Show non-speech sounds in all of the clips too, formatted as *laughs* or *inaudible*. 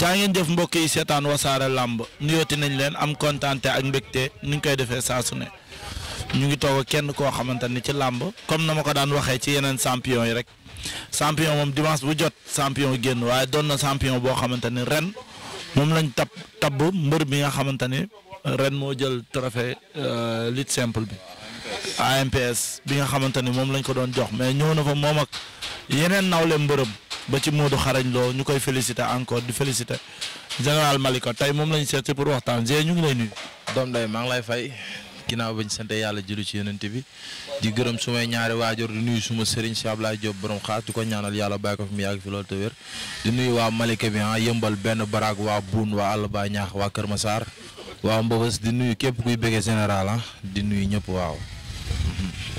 jaa ngeen jëf mbokk yi seetaan wasaare làmb nuyooti nañ leen am kontante ak mbégte ni ñu koy defee saa ne ñu ngi toog kenn koo xamante ni ci làmb comme na ma ko daan waxee ci yeneen sampion yi rek champion moom dimanche bu jot sampion génn waaye doon na champion boo xamante ni ren moom lañ tab tabb mbër bi nga xamante ni ren moo jël trophée euh, lutte simple bi AMPS bi nga xamante ni moom lañ ko doon jox mais ñëw na fa moom ak yeneen nawle mbërëm ba ci Modou xarañ loo ñu koy félicité encore di félicité général Malika tay moom lañ seet si pour waxtaan Zé ñu ngi lay nuyu. doom day maa ngi lay fay ginnaaw bañ sante yàlla julli ci yonent bi di gërëm sumay ñaari waajur di nuyu suma sëriñ si Ablaye Diop borom xaas di ko ñaanal yàlla bàyyi ko fi mu yàgg fi loolu te wér di nuyu waa Malika bi ah yëmbal benn baraag waa Boune waa àll ba waa Kër Massar waaw Mbëbës di nuyu képp kuy bëggee général ah di nuyu ñëpp waaw.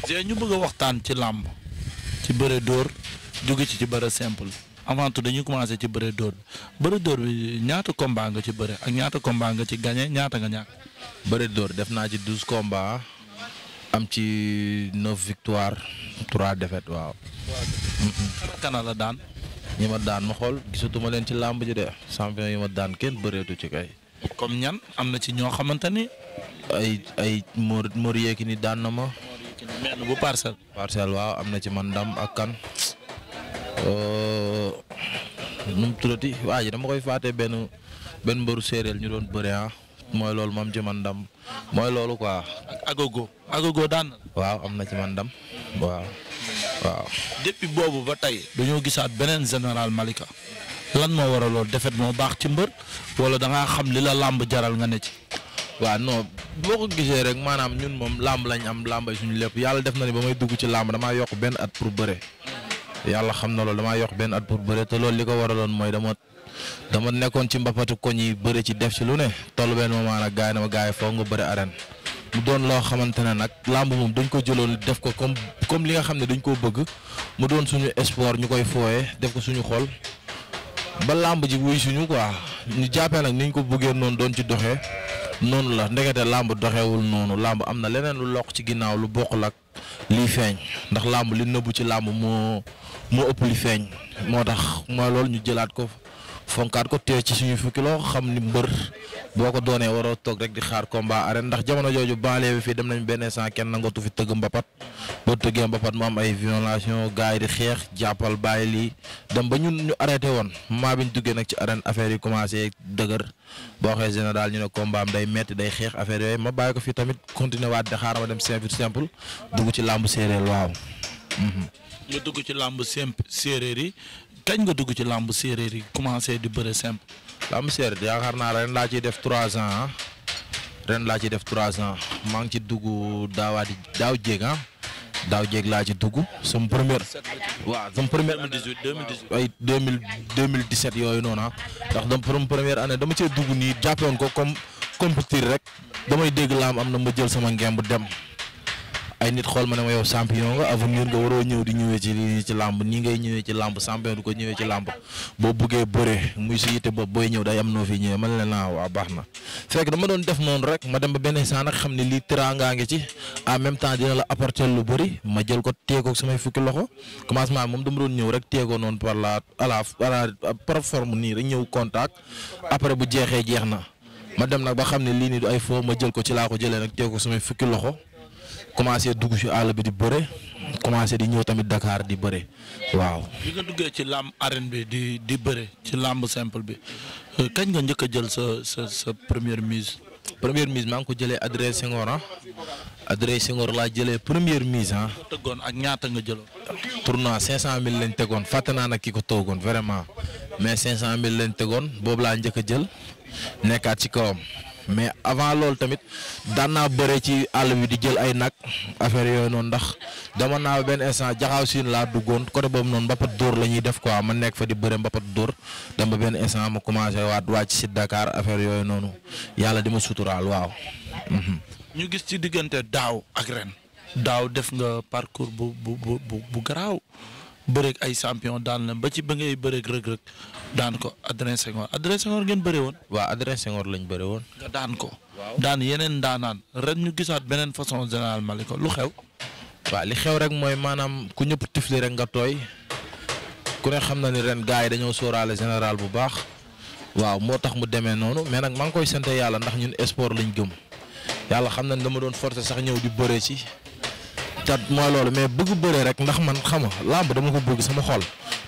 Zé ñu bëgg waxtaan ci làmb ci bëre jóge ci ci bëre simple avant tout dañuy commencé ci bëre door bi bëre dóor bi ñaata combat nga ci bëre ak ñaata combat nga ci gagné ñaata nga ñàkk. bëre dóor def naa ci douze combats am ci neuf victoire trois défaites waaw. kana la daan. ñi ma daan ma xool gisatuma leen ci làmb ji de champion yi ma daan kenn bëreetu ci kay. comme ñan am na ci ñoo xamante ni. ay ay Mor Mor Yekini daan na ma. bu parcelle. parcelle waaw am na ci man ndam ak kan. Euh, nu mu waa ji dama koy fàtte benn benn mbëru séeréer ñu doon bëre ah mooy loolu moom ci ndam mooy loolu quoi. agogo agogo daan na. waaw am na ci man ndam waaw. waaw depuis boobu ba tey dañoo gisaat beneen général Malika lan moo waral loolu defet moo baax ci mbër wala da xam li la làmb jaral nga ne ci. waa non boo ko gisee rek maanaam ñun moom làmb lañ am làmb suñu lépp yàlla def na ni ba may dugg ci làmb damaa yokk benn at pour bëre. yàlla xam na loolu damaa yox benn at pour bëre te loolu li ko waraloon mooy dama dama nekkoon ci mbapatu ko yi bëre ci def ci lu ne toll benn moment nag gaay na ma gaay foog nga bëre arène mu doon loo xamante ne nag làmb moom dañ ko jëloon def ko comme comme li nga xam ne dañ koo bëgg mu doon suñu espoir ñu koy fooyee def ko suñu xol ba làmb ji wuy suñu quoi ñu jàppee nag ni ñu ko bëggee noonu doon ci doxee noonu la ndekete làmb doxewul noonu làmb am na leneen lu loq ci ginnaaw lu bokkul ak liy feeñ ndax làmb li nëbbu ci làmb moo moo ëpp li feeñ moo tax mooy loolu ñu jëlaat ko fonkaat ko téye ci suñu fukki loo xam ni mbër boo ko doonee waroo toog rek di xaar combat arène ndax jamono jooju banlieue bi fii dem nañ benn instant kenn nangootu fi tëgg mbapat boo tëggee mbapat mu am ay violation gars yi di xeex jàppal baay lii dem ba ñun ñu arrêté woon maa ñu duggee nag ci arène affaire yi commencé dëgër boo waxee général ñu ne combat am day metti day xeex affaire yooyu ma bàyyi ko fii tamit continuer waat xaar ma dem simple simple dugg ci làmb séeréer waaw. Mhm. nga dugg ci làmb simp séeréer yi kañ nga dugg ci làmb séeréer yi commencé di bëre simp. làmb séeréer yaakaar naa ren laa ciy def trois ans ah. ren laa ci def trois ans maa ngi ci dugg daawaati daaw jéeg ah daaw jéeg laa ci dugg sama première. waaw sama première mille 2018 ay 2017 yooyu noonu ah ndax dama sama première anne dama cee dugg nii jàppoon ko comme compétir rek damay dégg laam am na ma jël sama ngemb dem. ay nit xool ma ne ma yow champion nga avenir waroo ñëw di ñëwee ci lii ci làmb nii ngay ñëwee ci làmb champion du ko ñëwee ci làmb boo buggee bëre muy si yitte bopp booy ñëw day am noo fi ñëwee man la naa ah, waa baax na fekk dama doon def noonu rek ma dem ba benn saa xam ne lii teraanga ngi ci en même temps dina la apporter lu bëri ma jël ko teekoog samay fukki loxo commencement moom dama doon ñëw rek teekoo noonu par la à la par nii rek ñëw contact après bu jeexee jeex na ma dem nag ba xam ne lii nii ay foo ma jël ko ci laa ko jëlee nag teekoo samay fukki loxo commencé dugg ci àll bi di bëre commencé di ñëw tamit dakaar di bëre waaw. bi nga duggee ci làmb arène bi di di bëre ci làmb simple bi euh, kañ nga njëkk jël sa sa sa première mise. première mise maa ngi ko jëlee adresse Senghor ah adresse Senghor laa jëlee première mise ah. tëggoon ak ñaata nga jëloon. tournoi 500000 lañ tegoon fàtte naa nag ki ko toogoon vraiment mais 500000 lañ tegoon boobu laa njëkk a jël nekkaat ci kawam. mais avant loolu tamit daan naa bëre ci àll bi di jël ay nag affaire yooyu noonu ndax dama naa benn instant jaxaaw siin laa duggoon côté boobu noonu mbapat dóor la ñuy def quoi ma nekk fa di bëre mbapat dóor dama benn instant ma commencé waat wàcc si Dakar affaire yooyu noonu yàlla di ma suturaal waaw. Mhm. ñu gis ci diggante daaw ak ren. daaw def nga parcours bu bu bu bu garaaw bëreeg ay champion daan la ba ci ba ngay bëreeg Reug Reug daan ko Adrien Senghor Adrien Senghor ngeen bëre woon. waaw Adrien Senghor lañ woon. nga daan ko. daan yeneen daanaan ren ñu gisaat beneen façon général ko lu xew. waaw li xew rek mooy maanaam ku ñëpp tifli rek nga tooy ku ne xam na ni ren gars yi dañoo sóoraale général bu baax waaw moo tax mu demee noonu mais nag maa ngi koy sant yàlla ndax ñun sport lañ gëm yàlla xam na ni dama doon forcer sax ñëw di bëre ci cat mooy loolu mais bëgg bëree rek ndax man xama làmb dama ko bëgg sama xol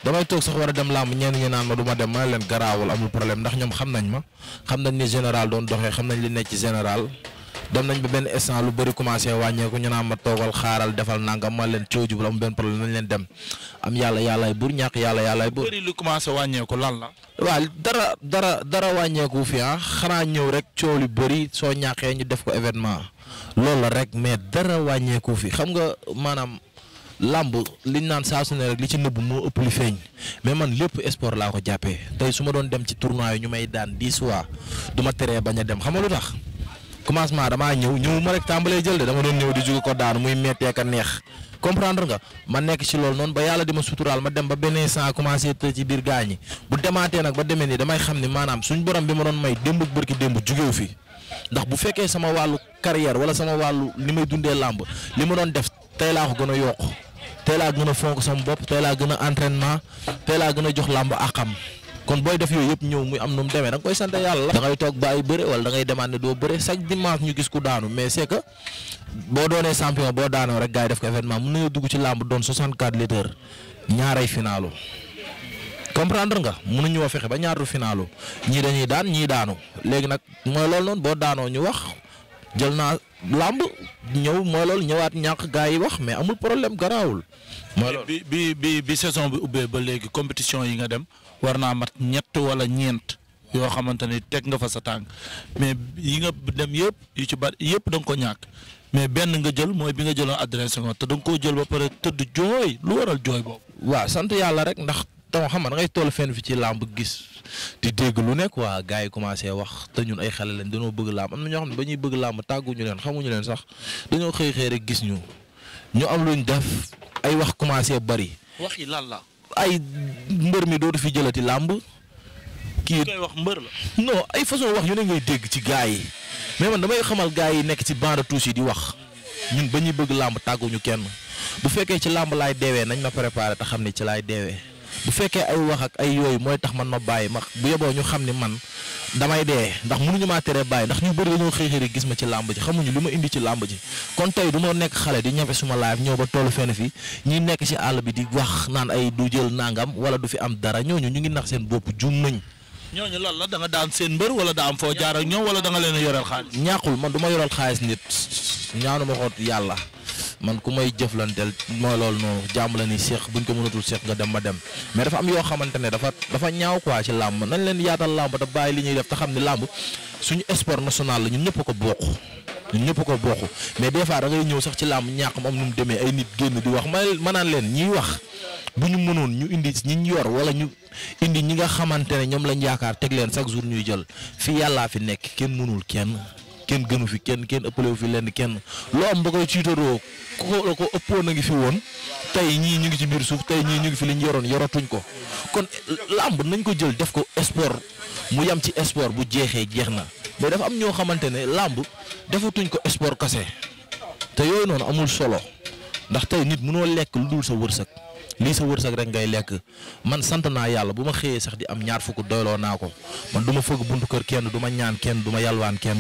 damay toog sax war a dem làmb ñenn ñi naan ma du ma dem ma leen garaawul amul problème ndax ñoom xam nañ ma xam nañ ni général doon doxee xam nañ li nekk ci général dem nañ ba benn instant lu bëri commencé wàññeeku ñu naan ma toogal xaaral defal nangam ma leen cooju bu am benn problème nañ leen dem am yàlla yàllaay buur ñàkk yàlla yàllaay buur. bëri lu commencé wàññeeku lan la. waaw dara dara dara wàññeeku fi ah xanaa ñëw rek coow lu bëri soo ñàkkee ñu def ko événement loolu la rek mais dara wàññeeku fi xam nga maanaam làmb liñ naan saa su ne rek li ci nëbb moo ëpp li feeñ mais man lépp sport laa ko jàppee tey su ma doon dem ci tournoi yi ñu may daan dix fois du ma teree bañ a dem xam nga lu tax commencement damaa ñëw ñëwuma rek tàmbalee jël de dama doon ñëw di jóge ko daanu muy mettee ka neex comprendre nga ma nekk ci loolu noonu ba yàlla di ma suturaal ma dem ba benn sant commencé të ci biir gaañi bu demaatee nag ba demee nii damay xam ni maanaam suñ borom bi ma doon may démb bërki démb jugeew fi ndax bu fekkee sama wàllu carrière wala sama wàllu li may dundee làmb li ma doon def tey laa ko gën a yokk tey laa gën a fonk sama bopp tey laa gën a entraînement tey laa gën a jox làmb àqam kon booy def yooyu yëpp ñëw muy am nu mu demee da nga koy sant yàlla da ngay toog bàyyi bëre wala da ngay demaat ne doo bëre chaque dimanche ñu gis ku daanu mais c'est boo doonee champion boo daanoo rek gaa yi def ko événement mun nañoo dugg ci làmb doon 64 litres ñaaray finaalu comprendre nga mun mënuñu woo fexe ba ñaaru finaalu ñii dañuy daan ñii daanu léegi nag mooy lool noonu boo daanoo ñu wax jël naa làmb ñëw mooy lool ñëwaat ñàkk gars yi wax mais amul problème garaawul. mooy loolu bi bi bi saison bi ubbee ba léegi compétition yi nga dem. war naa mat ñett wala ñeent yoo xamante ni teg nga fa sa tànk mais yi nga dem yëpp yu ci bari yëpp da nga ko ñàkk mais benn nga jël mooy bi nga jëloon adresse nga te da nga koo jël ba pare tëdd jooy lu waral jooy boobu. waa sant yàlla rek ndax tam xam nga ngay toll fenn fi ci làmb gis di dégg lu nekk waa gars yi commencé wax te ñun ay xel leen danoo bëgg làmb am na ñoo xam ne ba ñuy bëgg làmb tàgguñu leen xamuñu leen sax dañoo xëy xëy rek gis ñu ñu am luñ def ay wax commencé bari. wax ay mbër mi dootu fi jëlati làmb kii koy wax mbër la. ay façon wax yu ne ngay dégg ci gaa yi mais man damay xamal gaa yi nekk ci banc de touche yi di wax ñun ba ñuy bëgg làmb tàgguñu kenn bu fekkee ci làmb laay deewee nañ ma préparé te xam ni ci laay deewee bu fekkee ay wax ak ay yooyu mooy tax man ma bàyyi ma bu yeboo ñu xam ni man damay dee ndax mënuñu maa tere bàyyi ndax ñu bëri dañoo xëy xëy gis ma ci làmb ji xamuñu li ma indi ci làmb ji kon tey du ma nekk xale di ñafe suma live ñëw ba tollu fenn fi ñi nekk ci àll bi di wax naan ay du jël nangam wala du fi am dara ñooñu ñu ngi nax seen bopp jum nañ. ñooñu lan la da nga daan seen mbër wala daa am foo jaar ak ñoom wala da leen a yoreel xaalis. ñàkkul man du ma yoreel xaalis nit ñaanu ma ko yàlla man ku may jëflanteel moo loolu noonu jàmm la ni seex buñ ko mënatul seex nga dem ma dem mais dafa am yoo xamante ne dafa dafa ñaaw quoi ci làmb nañ leen yaatal làmb da bàyyi li ñuy def te xam ne làmb suñu sport national la ñun ñëpp ko bokk ñun ñëpp ko bokk mais des fois da ngay ñëw sax ci làmb ñàkk mu am nu mu demee ay nit génn di wax ma naan leen ñiy wax bu ñu mënoon ñu indi ñi ñu yor wala ñu indi ñi nga xamante ne ñoom lañ yaakaar teg leen chaque jour ñuy jël fi yàllaa fi nekk kenn mënul kenn kenn gënu fi kenn kenn ëppalewu fi lenn kenn loo am ba koy ciitaroo ku ko ko ëppoon a ngi fi woon tey ñii ñu ngi ci biir suuf tey ñii ñu ngi fi lañu yoroon yoratuñ ko kon làmb nañ ko jël def ko sport mu yam ci sport bu jeexee jeex na mais dafa am ñoo xamante ne làmb defatuñ ko sport kase te yooyu noonu amul solo ndax tey nit mënoo lekk lu dul sa wërsëg lii sa wërsëg rek ngay lekk man sant naa yàlla bu ma xëyee sax di am ñaar fukk doyloo naa ko man du ma fëgg buntu kër kenn du ma ñaan kenn du ma yalwaan kenn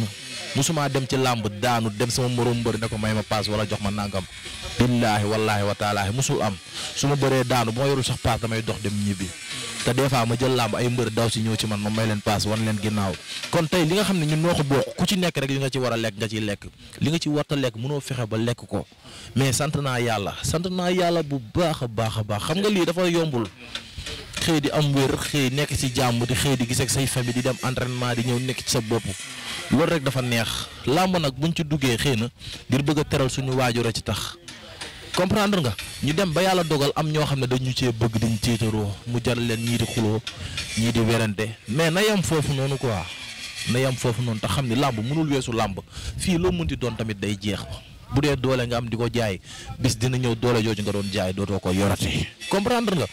musuma dem ci làmb daanu dem sama morom mbër ne ko may ma paas wala jox ma nangam billaahi wallaahi wa taalaahi musul am su ma baree daanu bu ma yorul sax paas damay dox dem ñibbi te des fois ma jël làmb ay mbër daw si ñëw ci man ma may leen paas wan leen ginnaaw kon tey li nga xam ne ñun noo ko ku ci nekk rek li nga ci war a lekk nga ciy lekk li nga ci warta lekk mënoo fexe ba lekk ko mais sant naa yàlla sant naa yàlla bu baax a baax a baax xam nga lii dafa yombul xëy di am wér xëy nekk ci jàmm di xëy di gis ak say famille di dem entraînement di ñëw nekk ci sa bopp loolu rek dafa neex làmb nag buñ ci duggee xëy na ngir bëgg a a ci tax comprendre nga ñu dem ba yàlla dogal am ñoo xam ne dañu cee bëgg diñ tiitaroo mu jar leen ñii di xuloo ñii di werante mais na yem foofu noonu quoi na yem foofu noonu te xam ni làmb mënul weesu làmb fii loo di doon tamit day jeex bu dee doole nga am di ko jaay bis dina ñëw doole jooju nga doon jaay dootoo ko yorati comprendre nga.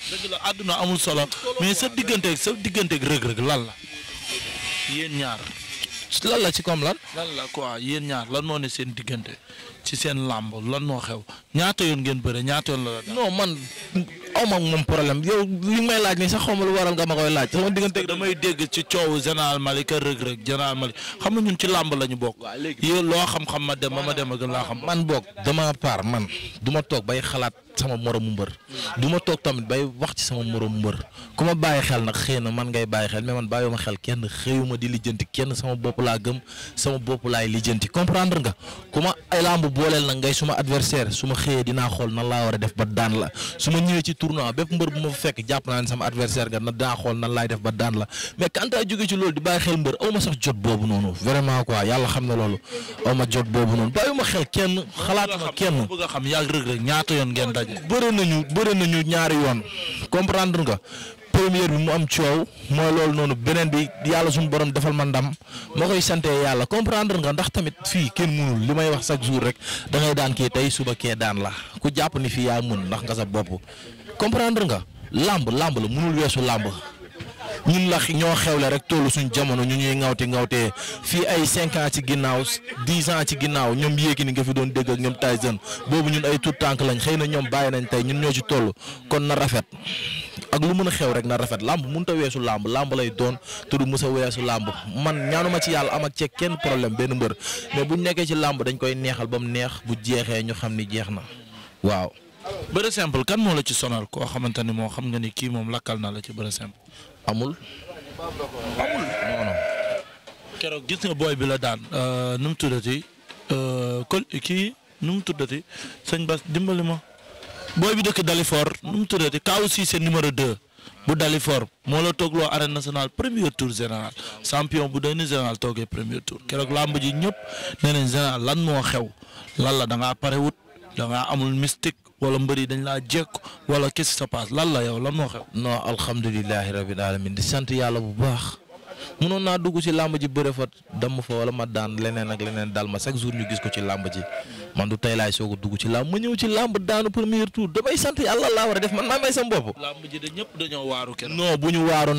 àdduna amul solo mais sa digganteeg sa digganteeg rëg-rëg lan la yéen lan la ci comme lan. lan la quoi yéen ñaar lan moo ne seen diggante ci seen làmb lan moo xew ñaata yoon ngeen bëre ñaata yoon la. non man aw ma moom problème yow li may laaj nii sax xaw ma lu waral nga ma koy laaj. sama diggante damay dégg ci coowu général Malick rëg-rëg général Malick xam nga ñun ci làmb la ñu bokk. yow loo xam-xam ma dem ma ma dem a gën laa xam. man boog dama par man du ma toog bay xalaat sama moromu mbër. du ma toog tamit bay wax ci sama moromu mbër ku ma bàyyi xel nag xëy na man ngay bàyyi xel mais man bàyyiwuma ma a def la su ma ñëwee ci na la mais quand a jóge ci loolu di bàyyi xel mbër aw ma sax jot boobu noonu vraiment quoi yàlla xam na loolu aw ma jot boobu noonu bàyyiwuma xel kenn xalaatuma kenn bëgg a xam yàgg rëg rëg ñaata yoon ngeen daj bëre ñu bëre nañu ñaari yoon comprendre nga première bi mu am coow moo loolu noonu beneen bi yàlla suñu borom defal ma ndam moo koy sante yàlla comprendre nga ndax tamit fii kenn mënul li may wax chaque jour rek da ngay daan kii tey suba kee daan la ku jàpp ni fii yaa mun ndax nga sa bopp comprendre nga làmb làmb la mënul weesu làmb ñun la ñoo xew xewle rek tollu suñ jamono ñu ñuy ngawti ngawtee fii ay cinq ans ci ginnaaw dix ans ci ginnaaw ñoom Yékini nga fi doon dégg ak ñoom Tyson boobu ñun ay tout tànk lañ xëy na ñoom bàyyi nañ tey ñun ñoo ci toll kon na rafet ak lu mën a xew rek na rafet làmb mënut a weesu làmb làmb lay doon te du mës a weesu làmb man ñaanuma ci yàlla am ak ceeg kenn problème benn mbër mais bu ñu nekkee ci làmb dañ koy neexal ba mu neex bu jeexee ñ xam ni jeex na waaw. bëre simple kan moo la ci sonal koo xamante ni moo xam nga ni kii moom lakkal na la ci bëre simple. amul. amul non keroog gis nga booy bi la daan. Euh, nu mu tuddati euh, kii nu mu tuddati sëñ Bas dimbali ma. booy bi dëkk Dalifort nu mu kaw si seen numéro 2 bu Dalifort moo la toogloo arène nationale premier tour général champion bu doon ni général toogee premier tour keroog làmb ji ñëpp nee général lan moo xew lan la da ngaa pare amul mystique wala mbër yi dañ laa jekk wala qu'est-ce qui se passe lan la yow lan moo xew. non alhamdulilah rabbil di sant yàlla bu baax mënoon naa dugg ci làmb ji bëre fa damm fa wala ma daan leneen ak leneen daal ma chaque jour ñu gis ko ci làmb ji man du tey laay soog a dugg ci làmb ma ñëw ci làmb daanu premier tour damay sant yàlla laa war a def man maa may sam bopp. làmb ji de dañoo waaru kenn. waaroo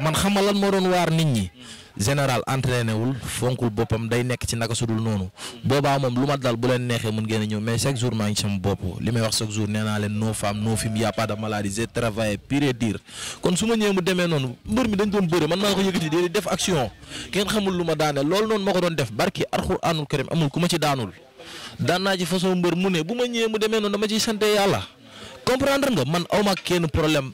man xam nga lan moo doon waar nit ñi. Hmm. général entraîné wul fonkul boppam day nekk ci naka sudul noonu. boobaa moom lu ma dal bu leen neexee mun ngeen a ñëw mais chaque jour maa ngi sama a pas su ma demee noonu mbër mi dañ doon bëre man maa ko yëkkati di xamul lu ma daane loolu noonu ma ko doon def barki alxuraanul karim amul ku ma ci daanul. daan naa ci façon mbër mu ne bu ma ñëwee mu demee noonu dama ciy sante yàlla comprendre nga man aw ma kenn problème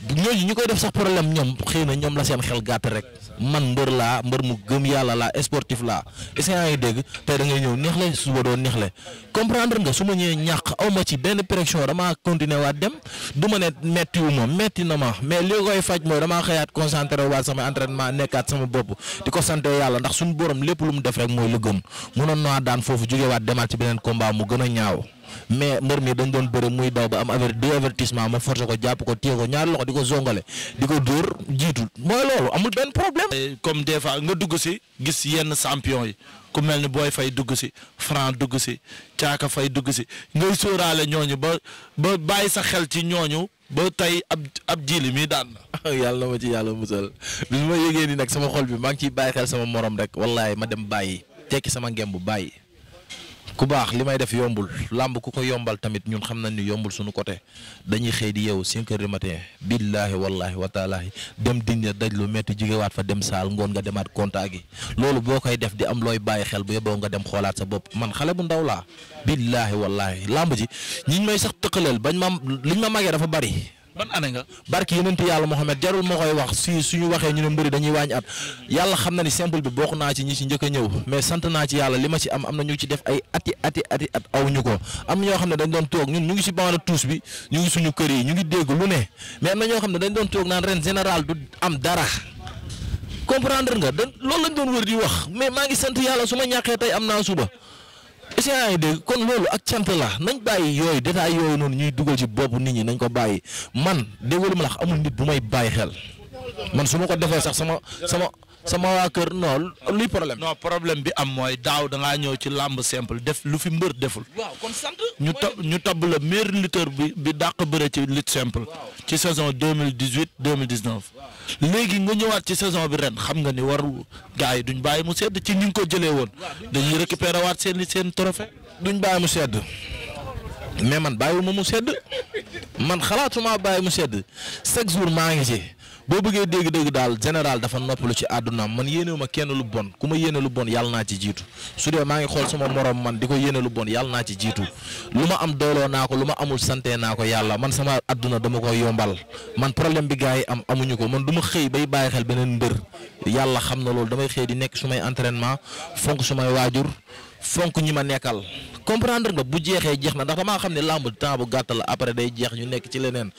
ñooñu ñu koy def sax problème ñoom xëy na ñoom la seen xel gàtt rek man mbër laa mbër mu gëm yàlla laa sportif laa est ce que dégg tey da ngay ñëw neex le suba doo neex le comprendre nga su ma ñëwee ñàq aw ma ci benn pression damaa continuer waa dem du ma ne metti wu ma metti na ma mais li koy faj mooy damaa xëyaat concentré waat sama entraînement nekkaat sama bopp di ko sante yàlla ndax suñu borom lépp lu mu def rek mooy lu gën mënoon naa daan foofu jógewaat demaat ci beneen combat mu gën a ñaaw. mais mbër mi dañ doon bëre muy daw ba am aver deux avertissement ma forcé ko jàpp ko téye ko ñaari loxo di ko zongale di ko dóor jiitu mooy loolu amul benn problème. comme des fois nga dugg si gis yenn champion yi ku mel ni booy fay dugg si Franc dugg si Caaka fay dugg si ngay sóoraale ñooñu ba ba bàyyi sa xel ci ñooñu. ba tey ab ab jiili mii daan na. *laughs* yàlla ma ci yàlla musal bi ma yëgee ni nag sama xol bi maa ngi ciy bàyyi xel sama morom rek wallaay ma dem bàyyi tekki sama bu bàyyi ku baax li may def yombul làmb ku ko yombal tamit ñun xam nañ ni yombul sunu côté dañuy xëy di yeewu 5 heures du matin billaahi wallaahi wataalaahi dem dindi daj lu metti jógewaat fa dem saal ngoon nga demaat contact gi loolu boo koy def di am looy bàyyi xel bu yeboo nga dem xoolaat sa bopp man xale bu ndaw laa billaahi wallaahi làmb ji ñiñ may sax tëqaleel bañ ma liñ ma magee dafa bari ban année nga barki yonent yàlla Mohamed jarul ma koy wax si suñu waxee ñu ne mbëri dañuy wàññi at yàlla xam na ni simple bi bokk naa ci ñi ci njëkk a ñëw mais sant naa ci yàlla li ma ci am am na ñu ci def ay ati ati at aw ñu ko am ñoo xam ne dañ doon toog ñun ñu ngi si bande tous bi ñu ngi suñu kër yi ñu ngi dégg lu ne mais am na ñoo xam ne dañ doon toog naan ren général du am dara comprendre nga da loolu lañ doon wër di wax mais maa ngi sant yàlla su ma ñàkkee tey am naa suba est-ce que yaa ngi kon loolu ak cant la nañ bàyyi yooyu détail yooyu noonu ñuy dugal ci bopp nit ñi nañ ko bàyyi man déggoo lu ma la amul nit bu may bàyyi xel man su ma ko defee sax sama sama sama waa kër non luy problème. non problème bi am mooy daaw da ñëw ci làmb simple def lu fi mbër deful. waaw kon sant. ñu tab ñu tabb la meilleur lutteur bi bi dàq bëre ci lutte simple. ci saison deux mille dix huit deux mille dix neuf. léegi nga ñëwaat ci saison bi ren xam nga ni waru gars yi duñ bàyyi mu sedd ci ñu ngi ko jëlee woon. dañuy récupérer waat seen seen trophée. duñ bàyyi mu sedd. mais man ma mu sedd man xalaatuma bàyyi mu sedd chaque jour maa ngi ci. boo bëggee dégg-dégg daal général dafa noppalu ci àddunaam man yéenewuma kenn lu bon ku ma yéene lu bon yàlla naa ci jiitu su dee maa ngi xool sama morom man ko yéene lu bon yàlla naa ci ma am dooloo naa ko lu ma amul sante naa ko yàlla man sama àdduna dama koy yombal man problème bi gars yi am amuñu ko man du ma xëy bay bàyyi xel beneen mbër yàlla xam na loolu damay xëy di nekk su may entraînement fonk su waajur fonk ñi ma nekkal comprendre nga bu jeexee jeex na ndax damaa xam ne làmb temps bu gàtt la après day jeex ñu nekk ci leneen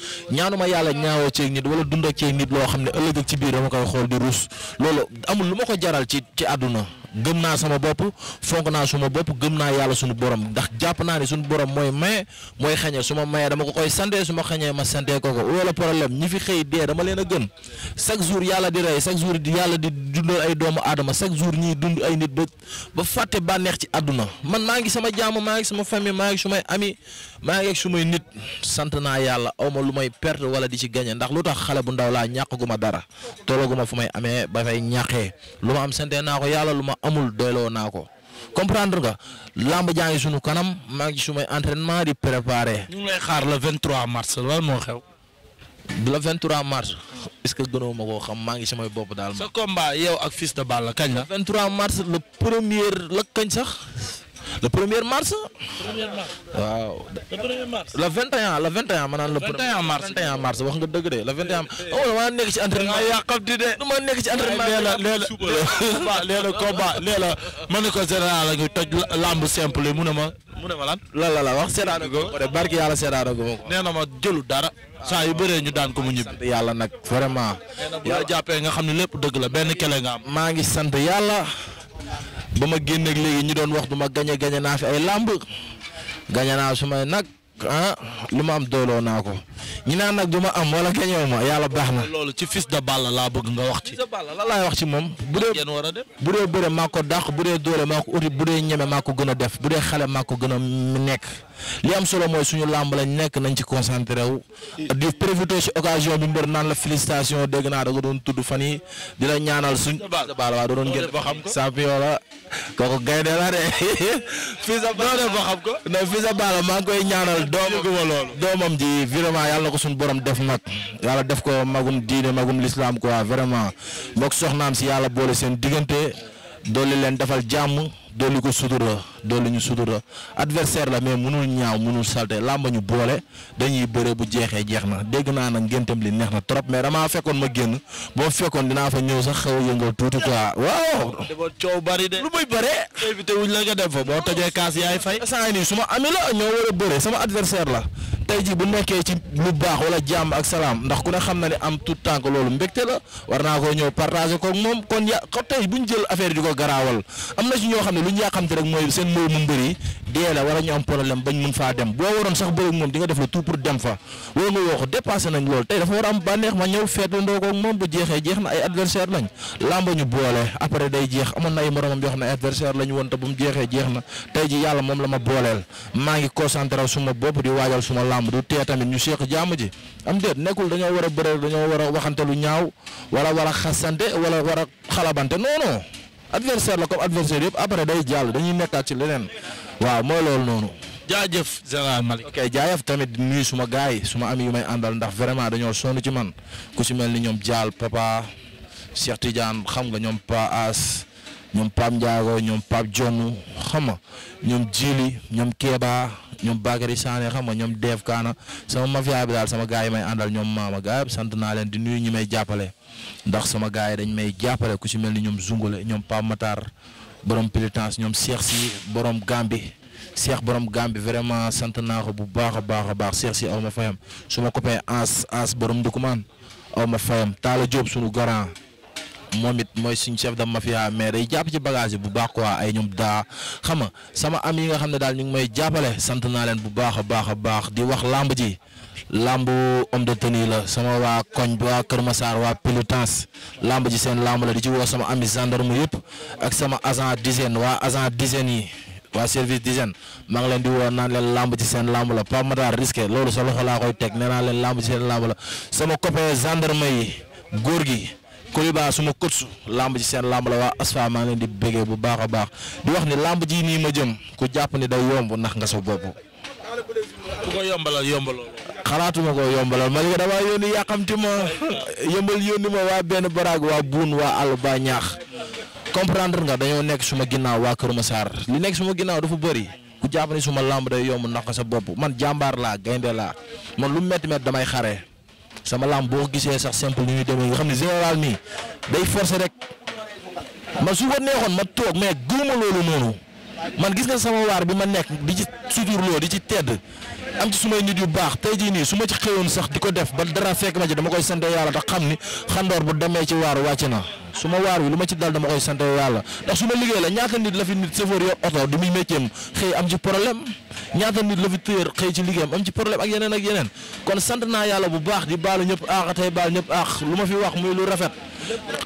ma yàlla ñaawo ceeg nit wala dund ak ceeg nit loo xam ne ëllëg ci biir dama koy xool di rus loolu amul lu ma ko jaral ci ci àdduna gëm naa sama bopp fonk naa suma bopp gëm naa yàlla suñu borom ndax jàpp naa ne suñu borom mooy maye mooy xañe su ma mayee dama ko koy sante su ma xañee ma sante ko ko wala problème ñi fi xëy dee dama leen a gën chaque jour yàlla di rey chaque jour yàlla di dundal ay doomu aadama chaque jour ñiy dund ay nit ba ba fàtte bànneex ci àdduna man maa ngi sama jàmm maa ngi sama famille maa ngi may ami maa ngi sumay nit sant naa yàlla aw ma lu may perte wala di ci gagné ndax lu tax xale bu ndaw laa dara tollaguma fu may amee ba fay amul doyloo naa ko comprendre nga làmb jaa ngi sunu kanam maa ngi sumay entraînement di préparer. ñu ngi lay xaar le 23 mars lan moo xew. le 23 mars est-ce que gënoo ma koo xam maa ngi samay bopp daal. sa combat yow ak Fils de Balla kañ la. 23 mars le premier la kañ sax. le premier mars. waaw. le premier mars le 21 le 21 ma naan le. 21 mars mars wax nga dëgg de le 21. oh dama nekk ci entraînement yi yàqamti de. dama nekk ci entraînement yi la léegi la la la ma ne ko général la ngi toj lamb simple yi mu ne ma. mu ne ma lan la la la wax seedaana gu ma ko de barki yàlla seedaana gu ma ko. nee ma jëlu dara. saa yu bëree ñu daan ko mu ñibbi. yàlla nag vraiment. yàlla jàppee nga xam ne lépp dëgg la benn kele nga maa ngi sant yàlla. ba ma génneek léegi ñi doon wax du ma gañe gañe naa fi ay làmb gañe naa su may nag ah lu ma am dooloo naa ko ñu naan nag du ma am wala gañew ma yàlla baax na. loolu ci fils de Balla laa bëgg nga wax ci. fils de Balla la laay wax ci moom. bu dee bu dee bëre maa ko dàq bu dee doole maa ko uti bu dee ñeme def bu dee xale maa ko gën a nekk li am solo mooy suñu làmb la nekk nañ ci concentré wu. di profité ci occasion bi mbër naan la félicitation dégg naa da ko doon tudd fan yii di la ñaanal suñ. fils de Balla waaw da doon génn champion la kooku gaynde la de. fils de Balla maa ngi koy ñaanal doomam doomam ji vraiment yàlla ko suñu boroom def mag yàlla def ko magum diine magum lislaam quoi vraiment mbokk soxnaam si yàlla boole seen diggante dolli leen defal jàmm dolli ko sutura dolli ñu sutura adversaire la mais mënul ñaaw mënul salte làmba ñu boole dañuy bëre bu jeexee jeex na dégg naa nag ngéntam li neex na trop mais damaa fekkoon ma génn boo fekkoon dinaa fa ñëw sax xaw a yëngal tuuti quoi waaw. dafa coow bari de. lu muy bëree. invité la nga dem boo tojee kaas yaay fay. saa yi su ma amee la ñoo war a bëre sama adversaire la tey jii bu nekkee ci lu baax wala jàmm ak salaam ndax ku ne xam na ne am tout temps que loolu mbégte la war naa ko ñëw partager ko moom kon ya ko tey bu ñu jël affaire ko garaawal a na ci ñoo xam ne lu ñu yàqamte rek mooy seen mbéyum mbër yi dee la war a ñu am problème bañ mun faa dem boo waroon sax bëri moom di nga def la tout pour dem fa loolu nga woo ko dépassé nañ loolu tey dafa war a na ay adversaire lañ lamba ñu boole après day jeex amoon na ay moromam yoo xam ne adversaire lañ woon te bu mu jeexee jeex na tey ji yàlla moom la ma booleel maa ngi concentré suma bopp di waajal suma lamb du tee tamit ñu seeq jàmm ji am déet nekkul dañoo war a bëre dañoo war a waxante lu ñaaw wala war a xasante wala war a adversaire la comme adversaire yëpp après day jàll dañuy nekkaat ci leneen waaw mooy loolu noonu. jaajëf Général Malick. ok jaajëf tamit nuyu suma gars yi suma am yu may àndal ndax vraiment dañoo soonu ci man ku si mel ni ñoom jaal papa Cheikh Tidiane xam nga ñoom Pa As ñoom Pape Ndiago ñoom Pape Dionu xam ñoom Djili ñoom Kéba. ñoom Bakary Sané xam nga ñoom Dev Kaana sama mafia bi daal sama gars yi may àndal ñoom maama gars yi sant naa leen di nuyu ñi may jàppale ndax sama gars yi dañ may jàppale ku si mel ni ñoom Zungale ñoom Pape Matar boroom Pilitans ñoom Cheikh si borom Gambi Cheikh borom Gambi vraiment sant naa ko bu baax a baax a baax Cheikh si aw ma fayam su ma copain As As borom Ndukumaan aw ma fayam Talla Diop sunu garant moom it mooy suñ chef de mafia mais day jàpp ci bagage bu baax quoi ay ñoom daa xam nga sama am yi nga xam ne daal ñu ngi may jàppale sant naa leen bu baax a baax baax di wax làmb ji làmb homme de tenue la sama waa koñ waa Kër Massar waa Pilotans làmb ji seen làmb la di ci woo sama ami gendarme yëpp ak sama agent dizaine waa agent dizaine yi waa service d'hygiène maa ngi leen di woo naan leen lamb ci seen lamb la Pape Matar risqué loolu sa loxo laa koy teg nee naa leen lamb seen lamb la sama copain gendarme yi góor gi Koliba suma kotsu làmb ji seen lamb la waa asfa maa ngi leen di bégee bu baax a baax di wax ni lamb ji nii ma jëm ku jàpp ni day yomb nax nga sa bopp. yombaloo. xalaatuma ko yombalal Malika damaa yónni yàqamti ma *laughs* yëmbal yónni ma benn baraag waa buun waa àll ñaax comprendre nga dañoo nekk suma ginnaaw waa Kër Massar li nekk suma ginnaaw dafa bëri ku jàpp suma lamb day yomb nax nga sa bopp man jàmbaar laa gaynde laa man lu metti metti damay xare sama lamb boo gisee sax simple ni ñuy demee nga xam ne général nii day forcer rek ma su ko neexoon ma toog mais gëwuma loolu noonu man gis nga sama waar bi ma nekk di ci suturloo di ci tedd am su sumay nit yu baax tey jii nii su ma ci xëyoon sax di ko def ba dara fekk ma ci dama koy sante yàlla te xam ni xandoor bu demee ci waar wàcc na. su ma waar wi lu ma ci daal dama koy sant yàlla ndax su ma liggéey la ñaata nit la fi nit chauffeur yor oto di muy métier am xëy am ci problème ñaata nit la fi tëyër xëy ci liggéeyam am ci problème ak yeneen ak yeneen kon sant naa yàlla bu baax di baalu ñëpp aax tey baal ñëpp aax lu ma fi wax muy lu rafet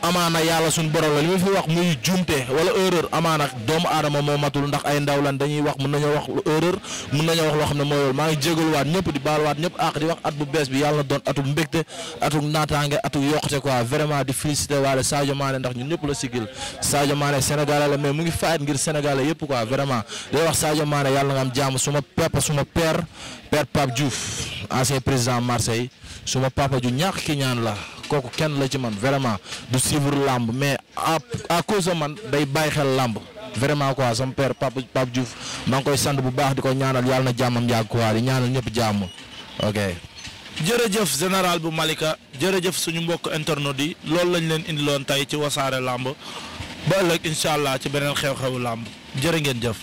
amaana yàlla suñu borom la li ma fi wax muy juumte wala erreur amaana doomu aadama moo matul ndax ay ndaw lan dañuy wax mën nañoo wax erreur mën nañoo wax loo xam ne mooy maa ngi jégaluwaat ñëpp di baaluwaat ñëpp àq di wax at bu bees bi yàlla na doon atum mbégte atuk naataange atuk yokkute quoi vraiment di félicité waale Sadio Mané ndax ñun ñëpp la sigil Sadio Mané Sénégalais la mais mu ngi faayit ngir Sénégalais yëpp quoi vraiment day wax Sadio maane yàlla nga am jàmm suma papa suma père père Pape Diouf ancien président Marseille suma papa ju ñàkk ki la kooku kenn la ci man vraiment du suivre làmb mais à cause de man day bàyyi xel làmb vraiment quoi sama père Pape Pape Diouf maa ngi koy sant bu baax di ko ñaanal yàlla na jàmmam yàgg quoi di ñaanal ñëpp jàmm ok. jëf général bu Malika jërëjëf suñu mbokk internautes yi loolu lañ leen indiloon tey ci wasaare làmb ba ëllëg incha allah ci beneen xew-xewu làmb jërë ngeen jëf.